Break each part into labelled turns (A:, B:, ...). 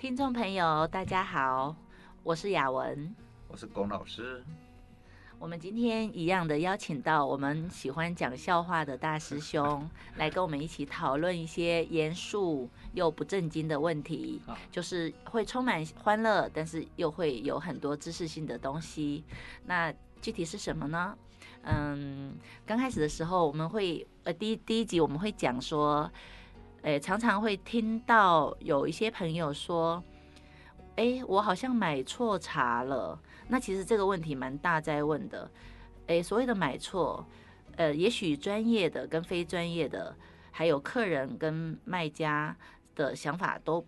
A: 聽眾朋友，大家好，我是雅文，
B: 我是龔老師。
A: 我們今天一樣的邀請到我們喜歡講笑話的大師兄 來跟我們一起討論一些嚴肅又不正經的問題， 就是會充滿歡樂，但是又會有很多知識性的東西。那具體是什麼呢？嗯，剛開始的時候我們會呃，第一第一集我們會講說。常常會聽到有一些朋友說：“哎，我好像買錯茶了。”那其實這個問題蠻大，在問的。哎，所謂的買錯，呃，也許專業的跟非專業的，還有客人跟賣家的想法都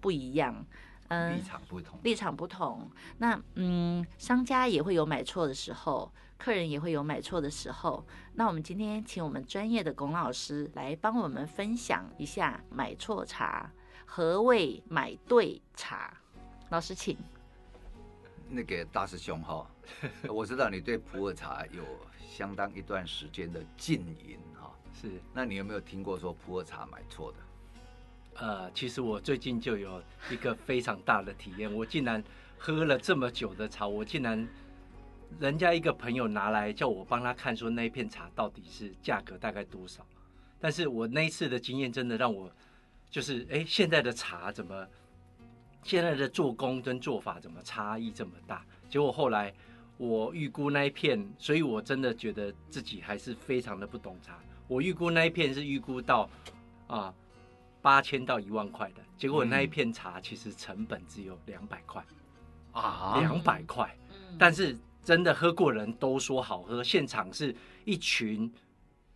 A: 不一樣。嗯、立場不同，立場不同。那嗯，商家也會有買錯的時候，客人也會有買錯的時候。那我們今天請我們專業的龔老師來幫我們分享一下買錯茶，何謂買對茶？老師請。
B: 那個大師兄哈， 我知道你對普洱茶有相當一段時間的經營哈，是。那你有沒有
C: 聽過說普洱茶買錯的？呃，其實我最近就有一個非常大的體驗，我竟然喝了這麼久的茶，我竟然人家一個朋友拿來叫我幫他看，說那一片茶到底是價格大概多少。但是我那一次的經驗真的讓我就是，誒，現在的茶怎麼現在的做工跟做法怎麼差異這麼大？結果後來我預估那一片，所以我真的覺得自己還是非常的不懂茶。我預估那一片是預估到啊。呃八千到一萬塊的結果，那一片茶其實成本只有兩百塊，啊、嗯，兩百塊，嗯、但是真的喝過的人都說好喝。現場是一群，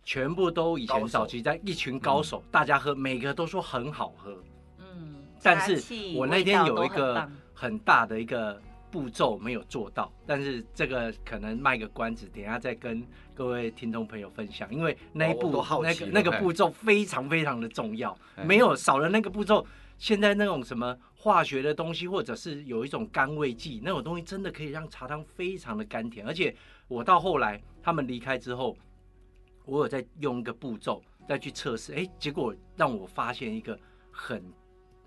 C: 全部都以前早期在一群高手，高手，嗯，大家喝，每個都說很好喝。嗯、但是我那天有一個很大的一個步驟沒有做到，但是這個可能賣個關子，等下再跟各位聽眾朋友分享，因為那一步、那個、那、哦、那個步驟非常非常的重要，哎、沒有少了那個步驟，現在那種什麼化學的東西，或者是有一種甘味劑那種東西，真的可以讓茶湯非常的甘甜。而且我到後來他們離開之後，我有在用一個步驟再去測試，哎、欸，結果讓我發現一個很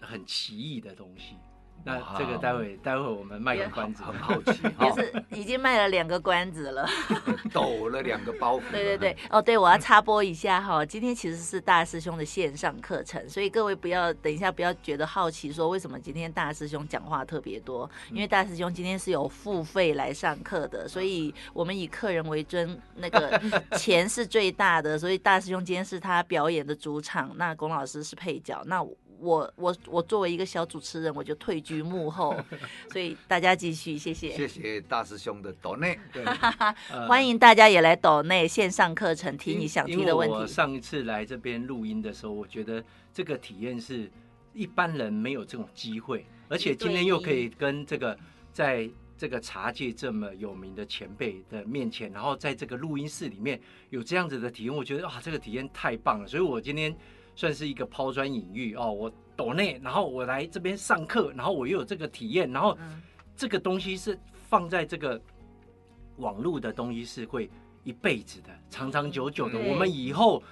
C: 很奇異的東西。那這個待會、哦、待會我們賣個關子，很好奇，也
A: 是已經賣了兩個關子
B: 了，
C: 抖了兩個包袱。 對對對，
A: 哦，對我要插播一下哈，今天其實是大師兄的線上課程，所以各位不要等一下不要覺得好奇，說為什麼今天大師兄講話特別多，因為大師兄今天是有付費來上課的，所以我們以客人為尊，那個錢是最大的，所以大師兄今天是他表演的主場，那龔老師是配角，那我。我我我作為一個小主持人，我就退居幕後，
C: 所以大家繼續，謝謝。謝謝大師兄的抖內， 對呃、歡迎
A: 大家也來抖內線上課程，提你想提的問題。因為我
C: 上一次來這邊錄音的時候，我覺得這個體驗是一般人沒有這種機會，而且今天又可以跟這個意在這個茶界這麼有名的前輩的面前，然後在這個錄音室裡面有這樣子的體驗，我覺得啊，這個體驗太棒了，所以我今天。算是一個拋磚引玉哦，我島內，然後我來這邊上課，然後我又有這個體驗，然後這個東西是放在這個網絡的東西，是會一輩子的，長長久久的。嗯、我們以後，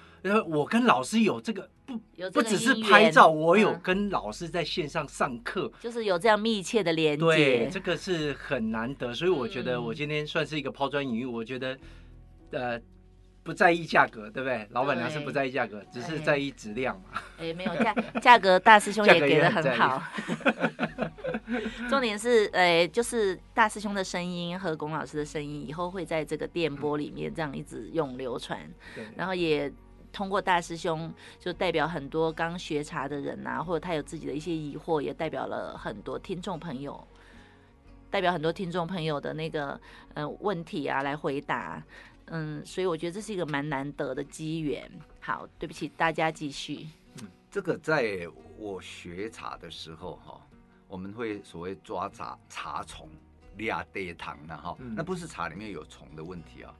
C: 我跟老師有這個不
A: 這個，不只是拍照，
C: 我有跟老師在線上上課、
A: 嗯，就是有這樣密切的連接。對，這
C: 個是很難得，所以我覺得我今天算是一個拋磚引玉，我覺得，呃。不在意價格，對不對？老闆娘是不在意價格，對只是在意質量嘛。哎、欸，
A: 沒有價價格，大師兄也給得很好。
C: 很
A: 重點是，哎、欸，就是大師兄的聲音和龔老師的聲音，以後會在這個電波裡面這樣一直永流傳。對、嗯。然後也通過大師兄，就代表很多剛學茶的人吶、啊，或者他有自己的一些疑惑，也代表了很多聽眾朋友，代表很多聽眾朋友的那個嗯、呃、問題啊來回答。嗯，所以我覺得這是一個蠻難得的機緣。好，對不起，大家繼續。嗯、
B: 這個在我學茶的時候，哈、哦，我們會所謂抓茶茶蟲、壓堆糖的哈，哦嗯、那不是茶裡面有蟲的問題啊、哦，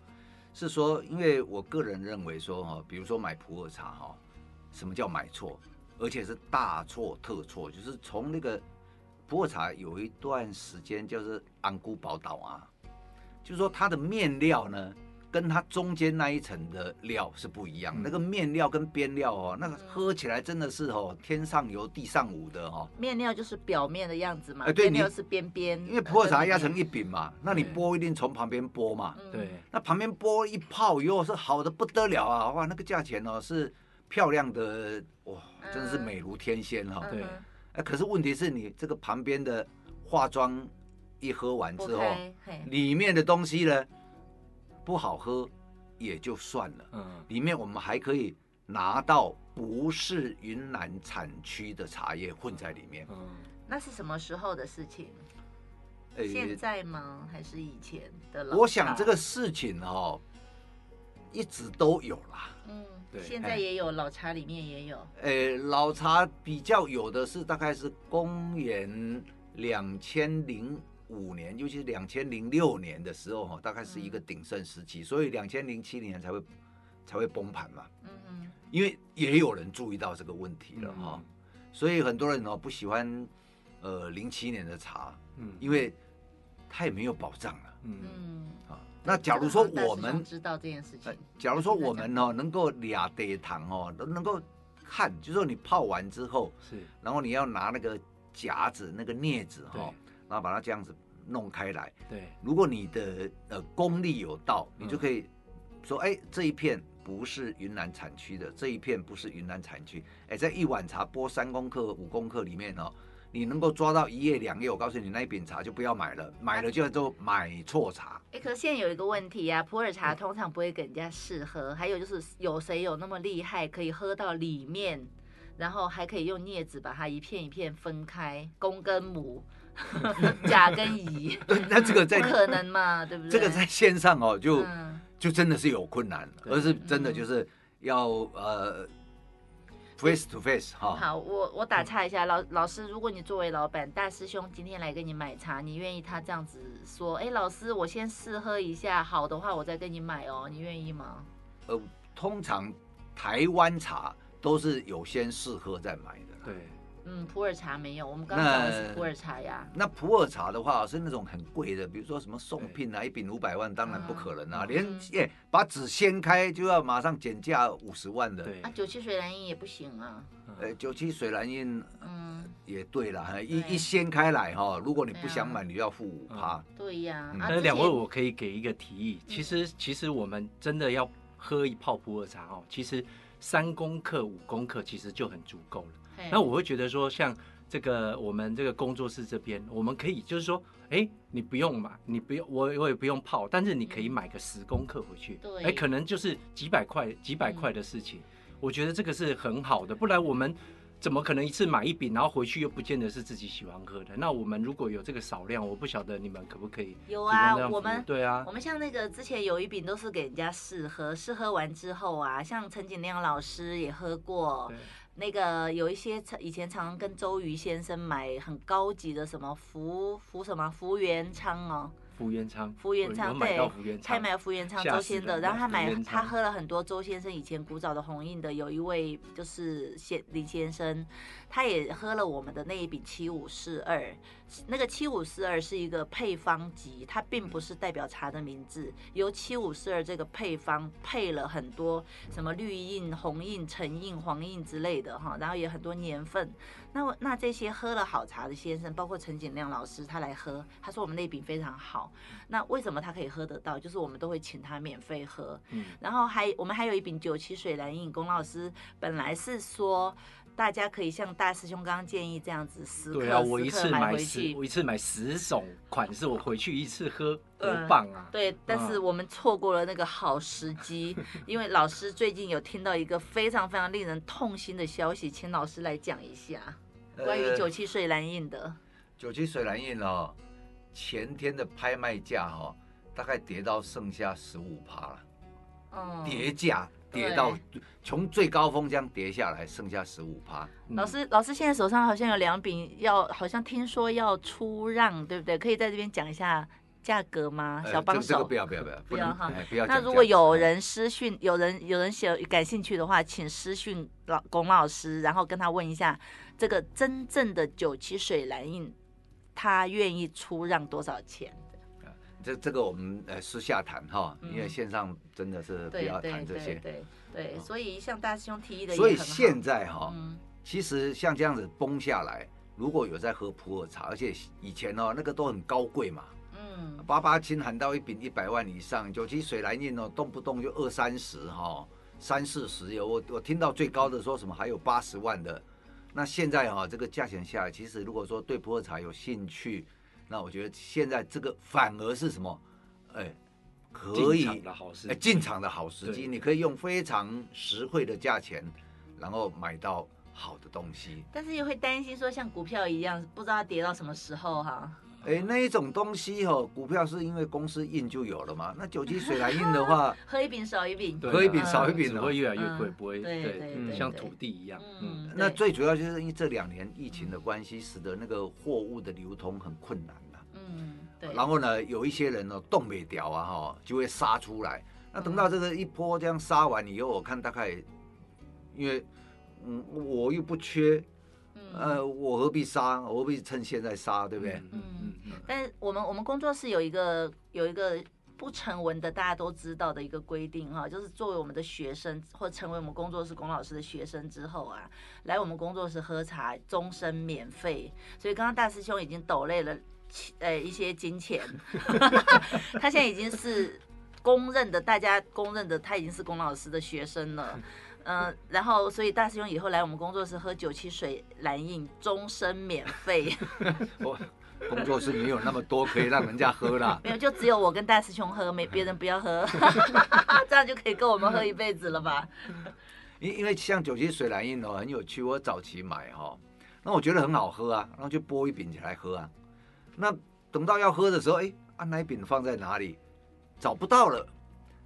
B: 是說因為我個人認為說哈、哦，比如說買普洱茶哈、哦，什麼叫買錯，而且是大錯特錯，就是從那個普洱茶有一段時間，就是安古寶島啊，就是說它的面料呢。跟它中間那一層的料是不一樣，那個麵料跟邊料哦、喔，那個喝起來真的是哦，天上有地上無的哦。
A: 麵料就是表面的樣子嘛，哎，對，麵料是邊邊，因
B: 為普洱茶壓成一餅嘛，那你剝一定從旁邊剝嘛，對，那旁邊剝一泡又是好的不得了啊，哇，那個價錢哦、喔、是漂亮的，哇，真的是美如天仙哈，對，可是問題是你這個旁邊的化妝一喝完之後，裡面的東西呢？不好喝也就算了，嗯，裡面我們還可以拿到不是雲南產區的茶葉混在裡面，嗯
A: 嗯、那是什麼時候的事情？
B: 現在
A: 嗎？欸、還是以前的老？我想這個
B: 事情哦、喔，一直都有啦，嗯，對，現在也
A: 有、欸、老茶裡面也有，
B: 誒、欸，老茶比較有的是大概是公元兩千零。五年，尤其是兩千零六年的時候，哈，大概是一個鼎盛時期，所以兩千零七年才會才會崩盤嘛。因為也有人注意到這個問題了，哈，所以很多人哦不喜歡呃零七年的茶，因為它也沒有保障了。嗯，那假如說我們
A: 知道這件事情，
B: 假如說我們哦能夠倆杯湯哦能夠看，就是說你泡完之後是，然後你要拿那個夾子、那個鑷子，哈。然後把它這樣子弄開來，對。如果你的呃功力有到，你就可以說，嗯、哎，這一片不是雲南產區的，這一片不是雲南產區。哎，在一碗茶撥三公克、五公克裡面哦，你能夠抓到一葉、兩葉，我告訴你，你那一餅茶就不要買了，買了就都買錯茶。哎、
A: 啊欸，可是現在有一個問題啊，普洱茶通常不會給人家試喝，嗯、還有就是有誰有那麼厲害可以喝到裡面，然後還可以用鑷子把它一片一片分開，公跟母。嗯甲 跟乙，
B: 那這個在不可能嘛，對不對？這個在線上哦，就、嗯、就真的是有困難，對而是真的就是要、嗯、呃 face to face 對哈。好，
A: 我我打岔一下，老老師，如果你作為老板，大師兄今天來跟你買茶，你願意他這樣子說，哎，老師，我先試喝一下，好的話我再跟你買哦，你願意嗎？
B: 呃，通常台灣茶都是有先試喝再買的，對。
A: 嗯，普洱茶沒有，我們剛剛講的是普洱
B: 茶呀。那普洱茶的話是那種很貴的，比如說什麼送聘啊，一餅五百萬，當然不可能啊，連耶把紙掀開就要馬上減價五十萬的。對。啊，九七
A: 水藍
B: 印也不行啊。呃，九七水藍印，嗯，也對啦，一一掀開
C: 來哈，如果你不想買，你就要付五趴。對呀。
A: 那兩位我
C: 可以給一個提議，其實其實我們真的要喝一泡普洱茶哦，其實三公克五公克其實就很足夠了。那我會覺得說，像這個我們這個工作室這邊，我們可以就是說，哎，你不用嘛，你不用，我我也不用泡，但是你可以買個十公克回去，哎，可能就是幾百塊幾百塊的事情，我覺得這個是很好的，不然我們怎麼可能一次買一餅，然後回去又不見得是自己喜歡喝的？那我們如果有這個少量，我不曉得你們可不可以？啊、有啊，我們對啊，我
A: 們像那個之前有一餅都是給人家試喝，試喝完之後啊，像陳景亮老師也喝過。對那個有一些以前常、常跟周瑜先生買很高級的什麼福福什麼福元昌哦，
C: 福元昌、哦，福元昌對，他買
A: 福元昌周先生，然後他買他喝了很多周先生以前古早的紅印的，有一位就是先李先生。他也喝了我們的那一餅七五四二，那個七五四二是一個配方級，它並不是代表茶的名字，由七五四二這個配方配了很多什麼綠印、紅印、橙印、黃印之類的哈，然後也很多年份。那那這些喝了好茶的先生，包括陳景亮老師他來喝，他說我們那餅非常好。那為什麼他可以喝得到？就是我們都會請他免費喝。嗯，然後還我們還有一餅九七水藍印，龔老師本來是說。大家可以像大師兄剛剛建議這樣子，對啊，我一次買，回去買十，
C: 我一次買十種款式，我回去一次喝，多棒啊！嗯、
A: 對，嗯、但是我們錯過了那個好時機， 因為老師最近有聽到一個非常非常令人痛心的消息，請老師來講一下，
B: 關於九
A: 七水藍印的。
B: 呃、九七水藍印哦，前天的拍賣價哈、哦，大概跌到剩下十五趴了，哦、嗯，跌價。跌到從最高峰這樣跌下來，剩下十五趴。嗯、
A: 老師，老師現在手上好像有兩餅，要好像聽說要出讓，對不對？可以在這邊講一下價格嗎？小幫手、呃這個這個、不要不要不要不要哈！那如果有人私訊，嗯、有人有人寫感興趣的話，請私訊老龔老師，然後跟他問一下這個真正的九七水藍印，他願意出讓多少錢？
B: 這這個我們呃私下談哈，嗯、因為線上真的是不要談這些。對
A: 對，對對，哦、所以像大師兄提議的，所以現
B: 在哈、哦，嗯、其實像這樣子崩下來，如果有在喝普洱茶，而且以前呢、哦、那個都很高貴嘛，嗯，八八青喊到一餅一百萬以上，九七水來印哦，動不動就二三十哈、哦，三四十有，我我聽到最高的說什麼還有八十萬的，那現在哈、哦、這個價錢下來，其實如果說對普洱茶有興趣。那我覺得現在這個反而是什麼，哎，可以進場的好時機，哎，進場的好時機，你可以用非常實惠的價錢，然後買到好的東西。
A: 但是又會擔心說，像股票一樣，不知道它跌到什麼時候哈、啊。
B: 哎、欸，那一種東西吼，哦，股票是因為公司印就有了嘛？那酒精水來印的話，
A: 喝一餅少一餅，喝一餅
B: 少一餅會越來越貴，不會像土地一樣。嗯，那最主要就是因為這兩年疫情的關係，使得那個貨物的流通很困難、
C: 啊、嗯，然後呢，
B: 有一些人呢、哦、動不掉啊，哦，就會殺出來。嗯，那等到這個一波這樣殺完以後，我看大概，因為嗯，我又不缺。呃，我何必殺？我何必趁現在殺？對不對？嗯嗯。
A: 但是我們我們工作室有一個有一個不成文的大家都知道的一個規定哈、啊，就是作為我們的學生或成為我們工作室龔老師的學生之後啊，來我們工作室喝茶終身免費。所以剛剛大師兄已經抖累了，呃，一些金錢， 他現在已經是。公認的，大家公認的，他已經是龔老師的學生了。嗯、呃，然後所以大師兄以後來我們工作室喝九七水藍印，終身免費。我
B: 工作室沒有那麼多可以讓人家喝啦，沒
A: 有，就只有我跟大師兄喝，沒，別人不要喝， 這樣就可以夠我們喝一輩子了吧？
B: 因 因為像九七水藍印哦，很有趣，我早期買哈，那我覺得很好喝啊，然後就剝一餅起來喝啊，那等到要喝的時候，哎、欸，把、啊、奶餅放在哪裡？找不到了，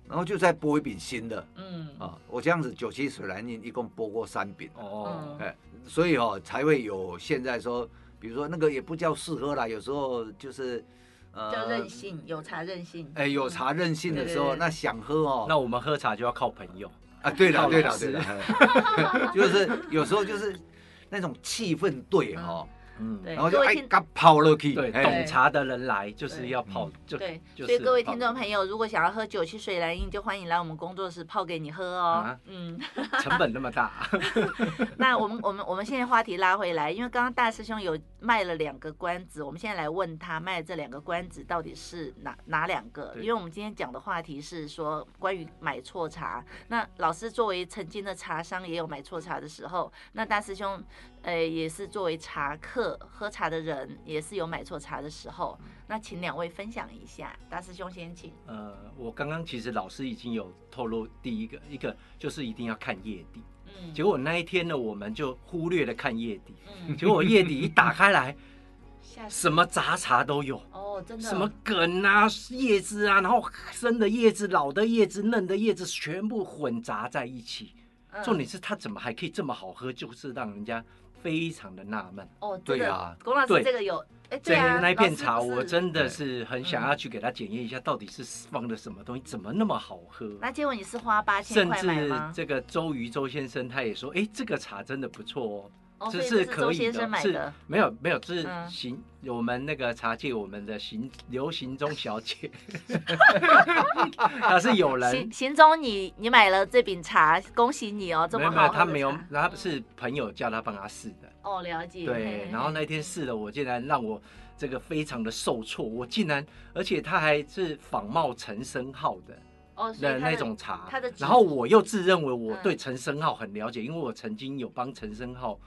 B: 然後就再撥一餅新的。
C: 嗯啊、
B: 哦，我這樣子九七水藍印一共撥過三餅。哦、哎、欸，所以哦，才會有現在說，比如說那個也不叫試喝啦，有時候就是呃，叫任
A: 性，有茶任性。
B: 哎，有茶任性、欸、性的時候，嗯、對對對，那想喝哦，那我們
C: 喝茶就要靠朋友啊。對了，對了，對了，
B: 就是有時候就是那種氣氛對哈、哦。嗯嗯，對，各位聽，泡了
C: 對，懂茶的人來就是要泡，就對，所以各位聽
A: 眾朋友，如果想要喝九七水藍印，就歡迎來我們工作室泡給你喝哦、喔。嗯，啊、嗯，
C: 成本那麼大，
A: 那我們我們我們現在話題拉回來，因為剛剛大師兄有。賣了兩個關子，我們現在來問他賣這兩個關子到底是哪哪兩個？對因為我們今天講的話題是說，關於買錯茶。那老師作為曾經的茶商，也有買錯茶的時候；那大師兄，呃，也是作為茶客喝茶的人，也是有買錯茶的時候。那請兩位分享一下，大師兄先請。
C: 呃，我剛剛其實老師已經有透露，第一個一個就是一定要看葉底。結果那一天呢，我們就忽略了看葉底。嗯、結果葉底一打開來， 什麼雜茶都有。哦，真的。什麼梗啊，葉子啊，然後生的葉子、老的葉子、嫩的葉子全部混雜在一起。嗯、重點是它怎麼還可以這麼好喝？就是讓人家。非常的納悶哦，oh, 對呀，啊，龔老師，
A: 這個有，哎對，對，啊、那一片茶，我
C: 真的是很想要去給他檢驗一下，到底是放的什麼東西，嗯、怎麼那麼好喝？那
A: 結果你是花八千塊買嗎？甚至
C: 這個周瑜周先生他也說，哎，這個茶真的不錯哦。這是可以的，是沒有沒有，這是行我們那個茶界，我們的行劉行中小姐，她是有人行
A: 行中，你你買了這餅茶，恭喜你哦，這麼好。沒有，沒有他沒
C: 有，他是朋友叫他幫他試的。哦，
A: 了解。對，然後那
C: 天試了，我竟然讓我這個非常的受挫，我竟然，而且他還是仿冒陳升號的哦，的那種茶。然後我又自認為我對陳升號很了解，因為我曾經有幫陳升號。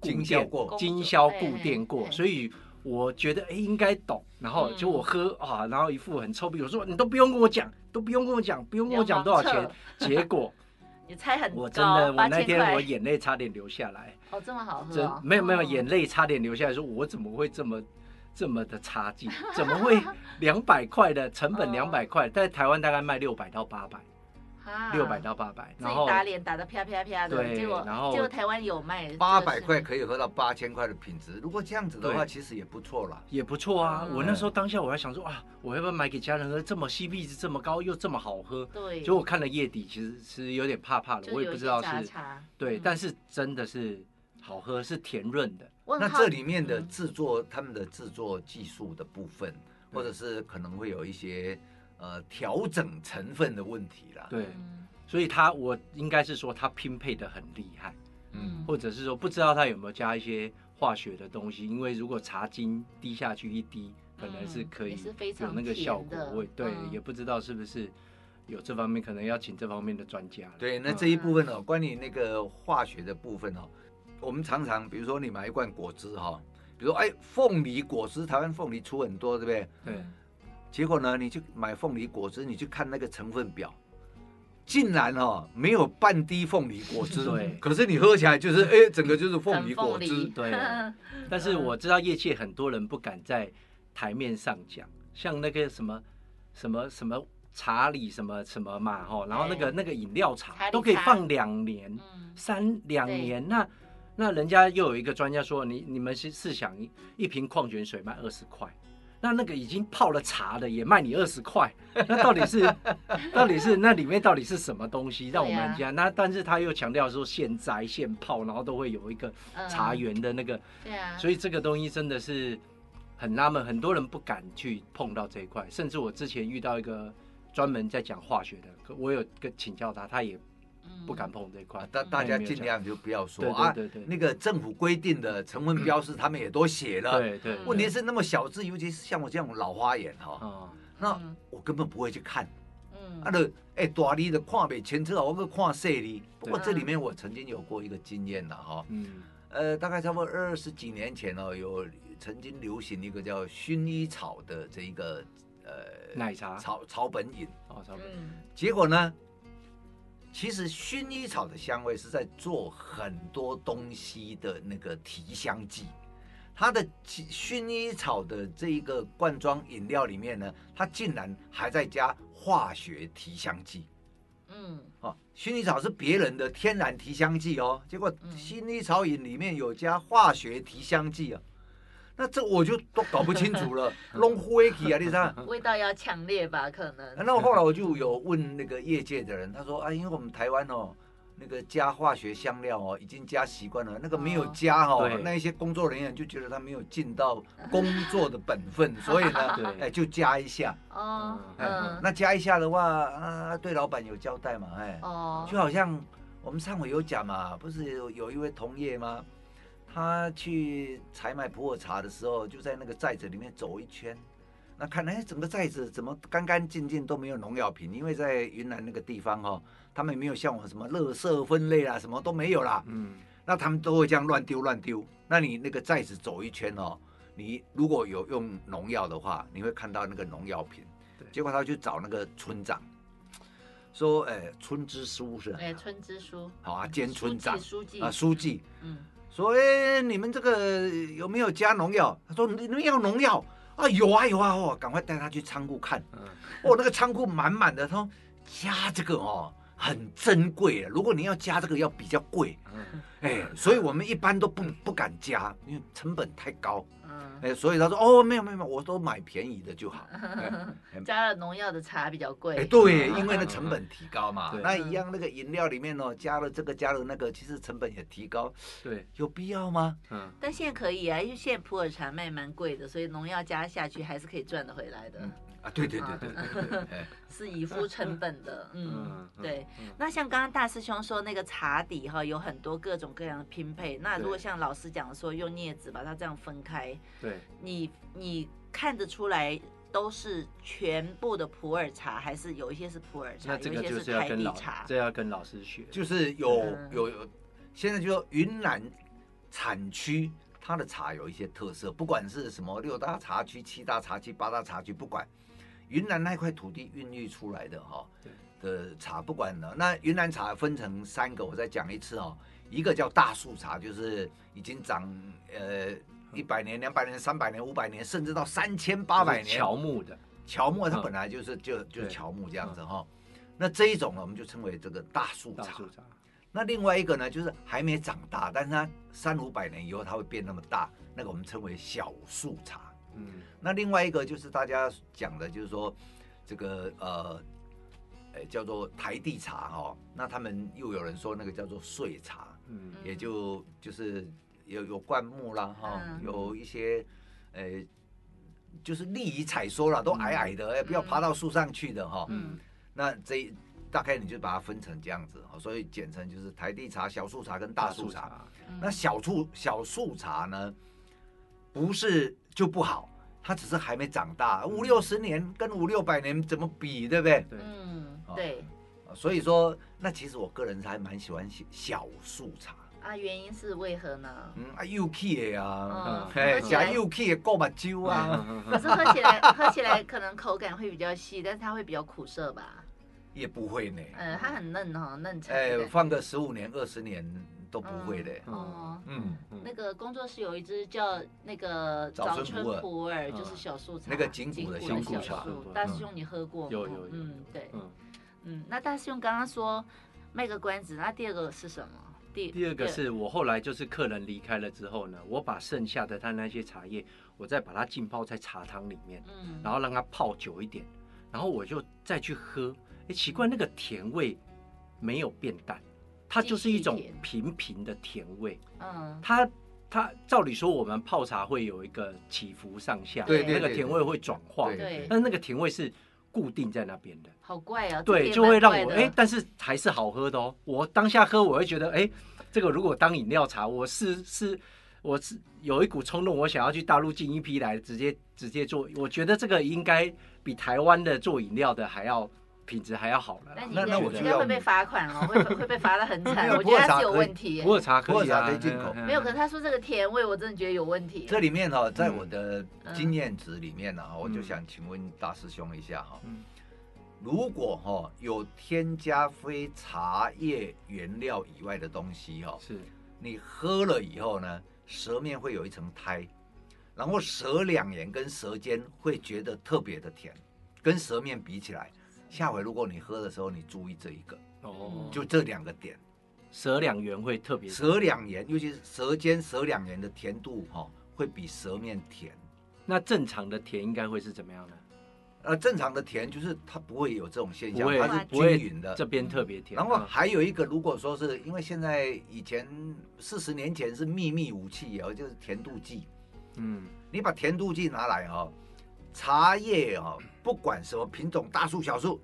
C: 經銷過，經銷固定過，所以我覺得、欸、應該懂。然後就我喝啊，然後一副很臭屁，我說你都不用跟我講，都不用跟我講，不用跟我講多少錢。結果你
A: 猜很高，我真的，我那天我眼
C: 淚差點流下來。
A: 哦，這麼好喝、哦，
C: 沒有沒有，眼淚差點流下來，說我怎麼會這麼這麼的差勁，怎麼會兩百塊的成本兩百塊，在台灣大概賣六百到八百。六百到八百，然後打
A: 臉打得啪啪啪的，對，然後就台灣有賣，八
C: 百塊可以喝到八千塊的品質，如果這樣子的話，其
B: 實也不錯啦，
C: 也不錯啊。我那時候當下我還想說啊，我要不要買給家人喝？這麼 CP 值這麼高，又這麼好喝，對。結果我看了葉底，其實是有點怕怕的，我也不知道是，對，但是真的是好喝，是甜潤的。那這裡面的製作，他們的製作
B: 技術的部分，或者是可能會有一些。呃，調整成分
C: 的問題啦，對，所以他我應該是說他拼配得很厲害，嗯，或者是說不知道他有沒有加一些化學的東西，因為如果茶精滴下去一滴，可能是可以有那個效果。嗯嗯、對，也不知道是不是有這方面，可能要請這方面的專家。對，那這一部分哦，嗯、關於那個化學的部
B: 分哦，我們常常比如說你買一罐果汁哈、哦，比如說哎鳳梨果汁，台灣鳳梨出很多，對不對？對、嗯。結果呢？你去買鳳梨果汁，你去看那個成分表，竟然哦、喔，沒有半滴鳳梨果汁。對。可是你喝起來
C: 就是哎、欸，整個就是鳳梨果汁。鳳 對。但是我知道業界很多人不敢在台面上講，像那個什麼什麼什麼茶裡什麼什麼，什麼嘛哈，然後那個對那個飲料茶都可以放兩年三兩年，那那人家又有一個專家說，你你們是是想一,一瓶礦泉水賣二十塊。那那個已經泡了茶的也賣你二十塊，那到底是到底是那裡面到底是什麼東西讓我們家那？但是他又強調說現摘現泡，然後都會有一個茶園的那個，對啊，所以這個東西真的是很納悶，很多人不敢去碰到這一塊。甚至我之前遇到一個專門在講化學的，我有個請教他，他也。不敢碰這塊，大大家盡量就不要說啊。
B: 那個政府規定的成分標示，他們也都寫了。對對。問題是那麼小字，尤其是像我這樣老花眼哈。那我根本不會去看。嗯。啊，哎大字都看不清楚，我去看小字。不過這裡面我曾經有過一個經驗的哈。呃，大概差不多二十幾年前哦，有曾經流行一個叫薰衣草的這一個呃奶茶草草本飲。哦，草本。結果呢？其實薰衣草的香味是在做很多東西的那個提香劑，它的薰衣草的這一個罐裝飲料裡面呢，它竟然還在加化學提香劑。嗯，哦，薰衣草是別人的天然提香劑哦，結果薰衣草飲裡面有加化學提香劑啊，哦。那這我就都搞不清楚了，弄灰 u 啊，你知道呀，
A: 味道要強烈吧？可
B: 能。那我後來我就有問那個業界的人，他說啊，因為我們台灣哦、喔，那個加化學香料哦、喔，已經加習慣了，那個沒有加、喔、哦，那一些工作人員就覺得他沒有盡到工作的本分，對所以呢，哎對、欸，就加一下。哦、嗯嗯啊。那加一下的話，啊，對老闆有交代嘛？哎、欸。哦。就好像我們上回有講嘛，不是有有一位同業嗎？他去採買普洱茶的時候，就在那個寨子裡面走一圈，那看哎，整個寨子怎麼乾乾淨淨都沒有農藥瓶？因為在雲南那個地方哦，他們沒有像我什麼垃圾分類啊，什麼都沒有啦。嗯，嗯，那他們都會這樣亂丟亂丟。那你那個寨子走一圈哦，你如果有用農藥的話，你會看到那個農藥瓶。對，結果他去找那個村長，說，哎：“哎，村支書是？哎，
A: 村支書
B: 好啊，兼村長書，書記啊，書記。”嗯。說，哎、欸，你們這個有沒有加農藥？他說，你們要農藥啊？有啊，有啊，哦，我趕快帶他去倉庫看。哦，那個倉庫滿滿的，他說加這個哦。很珍貴，如果你要加這個，要比較貴。嗯，哎，所以我們一般都不不敢加，因為成本太高。嗯，哎，所以他說哦，沒有沒有沒有，我都買便宜的就好。
A: 加了農藥的茶比較貴。哎，對，因為
B: 那成本提高嘛。那一樣那個飲料裡面呢，加了這個加了那個，其實成本也提高。對，有必要嗎？嗯，
A: 但現在可以啊，因為現在普洱茶賣蠻貴的，所以農藥加下去還是可以賺得回來的。
B: 啊，對對對對
A: 好 是以夫成本的，嗯，嗯對。嗯、那像剛剛大師兄說那個茶底哈、哦，有很多各種各樣的拼配。那如果像老師講說對用鑷子把它這樣分開，對你，你看得出來都是全部的普洱茶，還是有一些是普洱
B: 茶，那這個就是要跟老師，有一些是台地茶，這要跟老師學，就是有有有，有，現在就說雲南產區它的茶有一些特色，不管是什麼六大茶區、七大茶區、八大茶區，不管。雲南那塊土地孕育出來的哈、哦，對的茶不管了。那雲南茶分成三個，我再講一次哦。一個叫大樹茶，就是已經長呃一百年、兩百年、三百年、五百年，甚至到三千八百年喬木的喬木，它本來就是、嗯、就就是喬木這樣子哈、哦。嗯、那這一種呢，我們就稱為這個大樹茶。大樹茶，那另外一個呢，就是還沒長大，但是它三五百年以後它會變那麼大，那個我們稱為小樹茶。嗯、那另外一個就是大家講的，就是說這個呃，呃、欸、叫做台地茶哈、哦，那他們又有人說那個叫做碎茶，嗯，也就就是有有灌木啦哈，哦嗯、有一些呃、欸、就是利於採收了，都矮矮的，哎、欸、不要爬到樹上去的哈，哦、嗯，那這大概你就把它分成這樣子，所以簡稱就是台地茶、小樹茶跟大樹茶。茶嗯、那小樹小樹茶呢，不是。就不好，它只是還沒長大，五六十年跟五六百年怎麼比，對不對？嗯，
A: 對，
B: 所以說，那其實我個人還蠻喜歡小樹茶
A: 啊。原因是為何呢？嗯
B: 啊，幼氣的呀，而假幼氣的夠目睭啊。可是喝起來喝起來
A: 可能口感會比較細，但是它會比較苦澀吧？
B: 也不會呢。嗯，
A: 它很嫩哈，嫩茶。哎，
B: 放個十五年、二十年。都不會的。哦，嗯，嗯，
A: 那個工作室有一支叫那個早春普洱，嗯、就是小樹茶、嗯，那個緊骨的小樹茶。嗯、大師兄，你喝過嗎？有有有。有有，嗯，對，嗯，嗯。嗯，那大師兄剛剛說賣個關子，那第二個是什麼？第第二個是
C: 我後來就是客人離開了之後呢，我把剩下的他那些茶葉，我再把它浸泡在茶湯裡面，嗯，然後讓它泡久一點，然後我就再去喝。哎、欸，奇怪，那個甜味沒有變淡。它就是一種平平的甜味，嗯它，它它照理說我們泡茶會有一個起伏上下，對，對，對，對那個甜味會轉化，對，對，但是那個甜味是固定在那邊的，
A: 好怪啊，對，就會讓我哎、欸，但
C: 是還是好喝的哦、喔。我當下喝我會覺得哎、欸，這個如果當飲料茶，我是是我是有一股衝動，我想要去大陸進一批來直接直接做，我覺得這個應該比台灣的做飲料的還要。品質還要好呢，那你應該應該會被罰款哦，
A: 會會被罰的很慘。 有我覺得還是有問題。普洱
C: 茶可以，普洱茶
B: 可以進、啊、口。 沒有，可是
A: 他說這個甜味，我真的覺得有問題。這裡
B: 面哈、哦，在我的經驗值裡面呢、啊，嗯、我就想請問大師兄一下哈、哦，嗯、如果哈、哦、有添加非茶葉原料以外的東西哈、哦，是你喝了以後呢，舌面會有一層苔，然後舌兩緣跟舌尖會覺得特別的甜，跟舌面比起來。下回如果你喝的時候，你注意這一個，哦、嗯，就這兩個點，
C: 舌兩緣會特別甜，舌兩
B: 緣，尤其是舌尖、舌兩緣的甜度哈、哦，會比舌面甜。
C: 那正
B: 常的甜應該會是怎麼樣呢？呃，正常的甜就是它不會有這種現象，不會它是均勻的，這邊特別甜、嗯。然後還有一個，如果說是，因為現在以前四十年前是秘密武器哦，就是甜度計，嗯，你把甜度計拿來哈、哦。茶葉哦，不管什麼品種，大樹小樹，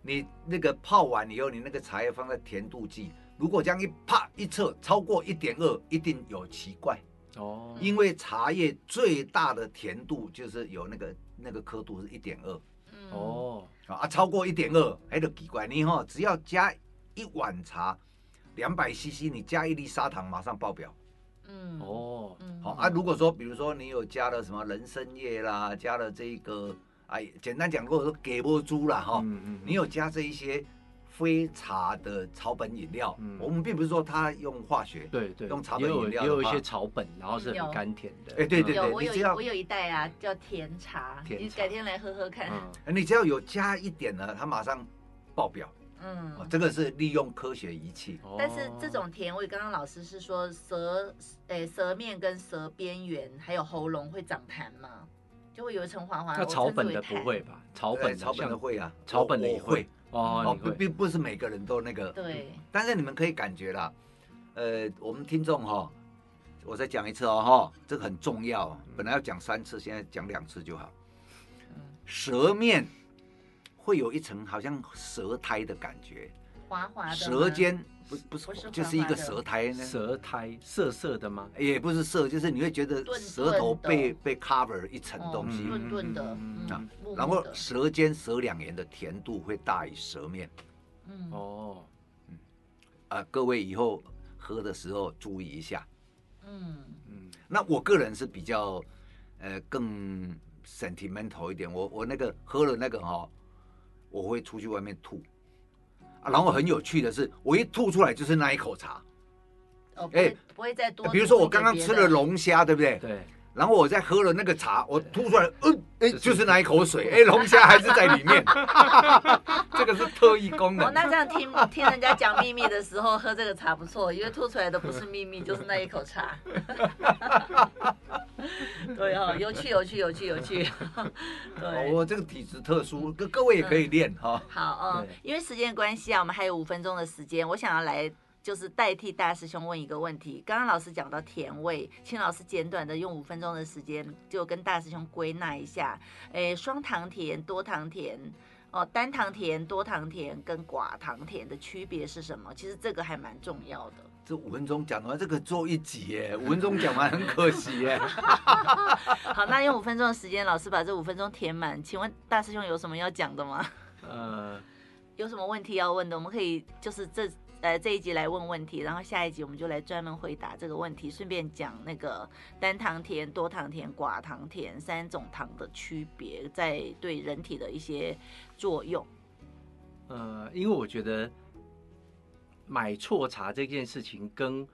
B: 你那個泡完以後，你那個茶葉放在甜度計，如果這樣一啪一測，超過一點二，一定有奇怪。哦，因為茶葉最大的甜度就是有那個那個刻度是一點
C: 二。
B: 哦。啊，超過一點二，還得奇怪。你看，哦，哈，只要加一碗茶，兩百 CC，你加一粒砂糖，馬上爆表。嗯哦，好啊。如果說，比如說你有加了什麼人參葉啦，加了這個，哎，簡單講過說給波豬啦哈，你有加這一些非茶的草本飲料，我們並不是說它用化學，對對，用草本飲料的話，有也有一些
C: 草本，然後
B: 是
A: 很
C: 甘甜
B: 的。哎，對對對，你只要我
A: 有一袋啊，叫甜茶，你改天來喝喝
B: 看。你只要有加一點呢，它馬上爆表。嗯、哦，這個是利用科學儀器。但是這
A: 種甜味，剛剛老師是說舌，舌，欸、面跟舌邊緣還有喉嚨會長痰嗎？就會有一層滑滑的。它草
C: 本的不會吧？草本草本，像草本的會啊，草本的也會
B: 哦。不，哦哦、並不是每個人都那個。對。嗯，但是你們可以感覺啦。呃，我們聽眾哈、哦，我再講一次哦，哈、哦，這個很重要。本來要講三次，現在講兩次就好。舌、嗯、面。會有一層好像舌苔的感覺，
C: 滑滑的，舌尖
B: 不不是，就是一個舌苔，舌苔澀澀的嗎？也不是澀，就是你會覺得舌頭被被 cover 一層東西，鈍鈍的，然後舌尖、舌兩沿的甜度會大於舌面。哦，啊，各位以後喝的時候注意一下。那我個人是比較呃更 sentimental 一點，我我那個喝了那個哈。我會出去外面吐，啊，然後很有趣的是，我一吐出來就是那一口茶。哎，
A: 不會再多。比如說我剛剛吃了
B: 龍蝦，的對不對？對。然後我再喝了那個茶，我吐出來，哎對、嗯欸，就是那一口水，哎，龍蝦還是在裡面。 這個是特異功能。哦，那
A: 這樣聽聽人家講秘密的時候喝這個茶不錯，因為吐出來的不是秘密，就是那一口茶。 對啊、哦，有趣有趣有趣有趣。有趣有
B: 趣有趣 對、哦，我這個體質特殊，各各位也可以練哈。好啊，
A: 因為時間的關係啊，我們還有五分鐘的時間，我想要來就是代替大師兄問一個問題。剛剛老師講到甜味，請老師簡短的用五分鐘的時間，就跟大師兄歸納一下，哎，雙糖甜、多糖甜。哦，單糖甜、多糖甜跟寡糖甜的區別是什麼？其實這個還蠻重要的。
B: 這五分鐘講完，這個做一集耶，五分鐘講完很可惜耶。
A: 好，那用五分鐘的時間，老師把這五分鐘填滿。請問大師兄有什麼要講的嗎？呃、嗯，有什麼問題要問的？我們可以就是這。呃，這一集來問問題，然後下一集我們就來專門回答這個問題，順便講那個單糖甜、多糖甜、寡糖甜三種糖的區別，在對人體的一些作用。
C: 呃，因為我覺得買錯茶這件事情，跟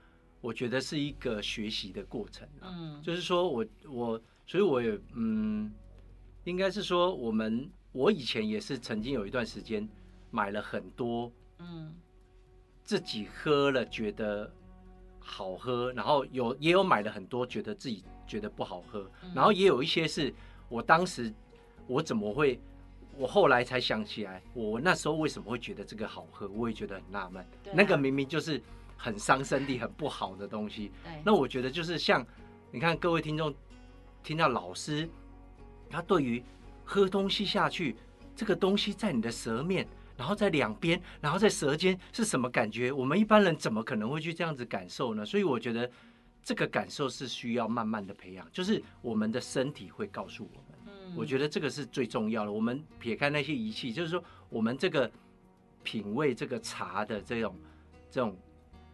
C: 我覺得是一個學習的過程啊，嗯，就是說我我，所以我也嗯，應該是說我們我以前也是曾經有一段時間買了很多，嗯。自己喝了覺得好喝，然後有也有買了很多，覺得自己覺得不好喝，嗯、然後也有一些是我當時我怎麼會，我後來才想起來，我那時候為什麼會覺得這個好喝，我也覺得很納悶。對啊、那個明明就是很傷身體、對很不好的東西。對那我覺得就是像你看各位聽眾聽到老師他對於喝東西下去，這個東西在你的舌面。然後在兩邊，然後在舌尖是什麼感覺？我們一般人怎麼可能會去這樣子感受呢？所以我覺得這個感受是需要慢慢的培養，就是我們的身體會告訴我們。嗯，我覺得這個是最重要的。我們撇開那些儀器，就是說我們這個品味這個茶的這種這種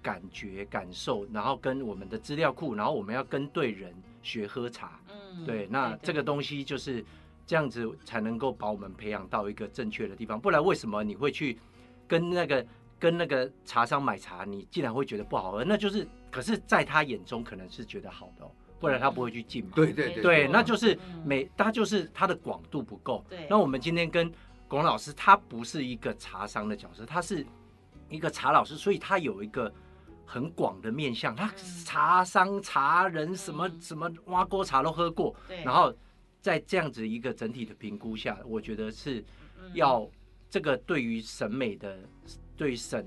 C: 感覺感受，然後跟我們的資料庫，然後我們要跟對人學喝茶。嗯，對，那這個東西就是。這樣子才能夠把我們培養到一個正確的地方，不然為什麼你會去跟那個跟那個茶商買茶，你竟然會覺得不好喝？那就是，可是在他眼中可能是覺得好的哦、喔，不然他不會去進嘛、嗯。對對對，對，那就是每、嗯、他就是他的廣度不夠。對。那我們今天跟龔老師，他不是一個茶商的角色，他是一個茶老師，所以他有一個很廣的面向，他茶商、茶人、什麼什麼挖鍋茶都喝過，對然後。在這樣子一個整體的評估下，我覺得是要這個對於審美的、嗯、對審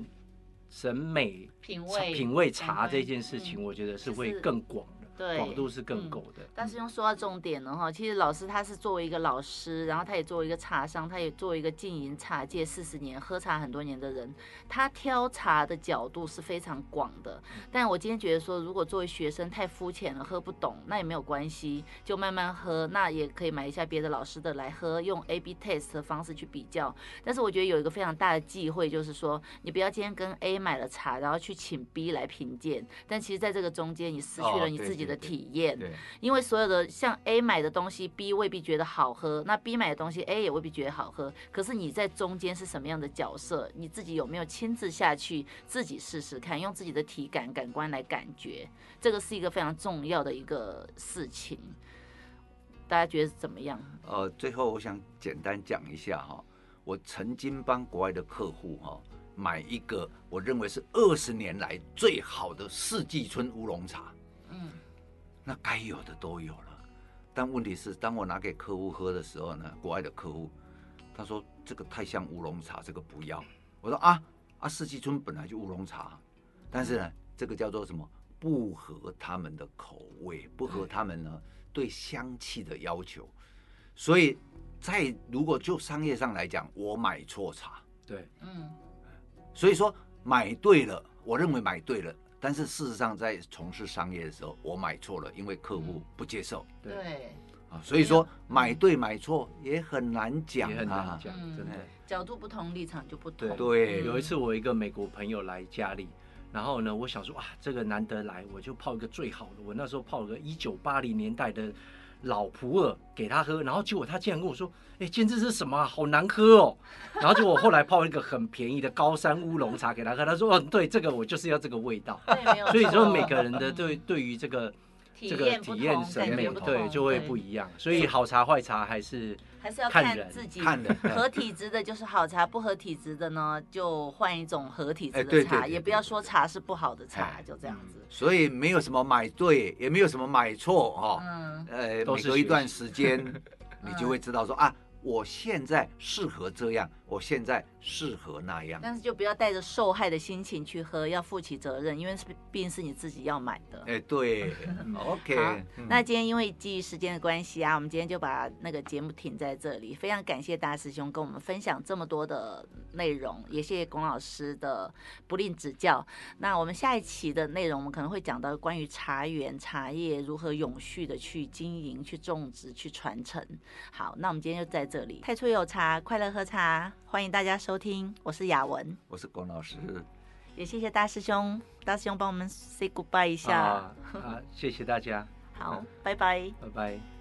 C: 審美品味品味，茶這件事情，嗯、我覺得是會更廣。對，飽度是更夠的，
A: 但是用說到重點了哈。其實老師他是作為一個老師，然後他也作為一個茶商，他也作為一個經營茶界四十年、喝茶很多年的人，他挑茶的角度是非常廣的。但我今天覺得說，如果作為學生太膚淺了，喝不懂那也沒有關係，就慢慢喝，那也可以買一下別的老師的來喝，用 A B test 的方式去比較。但是我覺得有一個非常大的忌諱，就是說你不要今天跟 A 買了茶，然後去請 B 來評鑑，但其實在這個中間你失去了你自己，哦。的體驗，因為所有的像 A 買的東西，B 未必覺得好喝；那 B 買的東西，A 也未必覺得好喝。可是你在中間是什麼樣的角色？你自己有沒有親自下去自己試試看，用自己的體感感官來感覺？這個是一個非常重要的一個事情。大家覺得怎
B: 麼樣？呃，最後我想簡單講一下哈、喔，我曾經幫國外的客戶哈、喔，買一個，我認為是二十年來最好的四季春烏龍茶。嗯。那該有的都有了，但問題是，當我拿給客戶喝的時候呢？國外的客戶他說這個太像烏龍茶，這個不要。我說啊啊，四季春本來就烏龍茶，但是呢，這個叫做什麼？不合他們的口味，不合他們呢對香氣的要求。所以在如果就商業上來講，我買錯茶，對，嗯，所以說買對了，我認為買對了。但是事實上，在從事商業的時候，我買錯了，因為客戶不接受，嗯。
A: 對，
B: 所以說
C: 買對買錯也很難講，啊，也很難講，啊嗯，真
A: 的。角度不同，立場就不同。對，對嗯，有一
C: 次我一個美國朋友來家裡，然後呢，我想說啊，這個難得來，我就泡一個最好的。我那時候泡一個一九八零年代的。老普洱給他喝，然後結果他竟然跟我說：“哎、欸，今天這是什麼啊，好難喝哦、喔！”然後結果我後來泡了一個很便宜的高山烏龍茶給他喝，他說：“哦，對，這個我就是要這個味道。” 所以說每個人的對對於這個這個體驗審美對就會不一樣，對所以好茶壞茶還是。還是要看自己合體
A: 質的，就是好茶；不合體質的呢，就換一種合體質的茶。欸、對對對對，也不要說茶是不好的茶，哎，就這樣子。
C: 所以
B: 沒有什麼買對，也沒有什麼買錯，哈。嗯。呃，都是每隔一段時間，你就會知道說、嗯、啊，我現在適合這樣。我現在適合那樣，但
A: 是就不要帶着受害的心情去喝，要負起責任，因為畢竟是你自己要買
B: 的。哎，對，OK。 好，那今天
A: 因為基於時間的關係啊，我們今天就把那個節目停在這裡。非常感謝大師兄跟我們分享這麼多的內容，也謝謝龔老師的不吝指教。那我們下一期的內容，我們可能會講到關於茶園、茶葉如何永續的去經營、去種植、去傳承。好，那我們今天就在這裡，太初有茶，快樂喝茶。歡迎大家收聽，我是雅
B: 文，我是龔老師，
A: 也謝謝大師兄，大師兄幫我們 say goodbye 一下，
B: 好，
C: 啊啊，謝謝大家，好，拜拜，拜拜。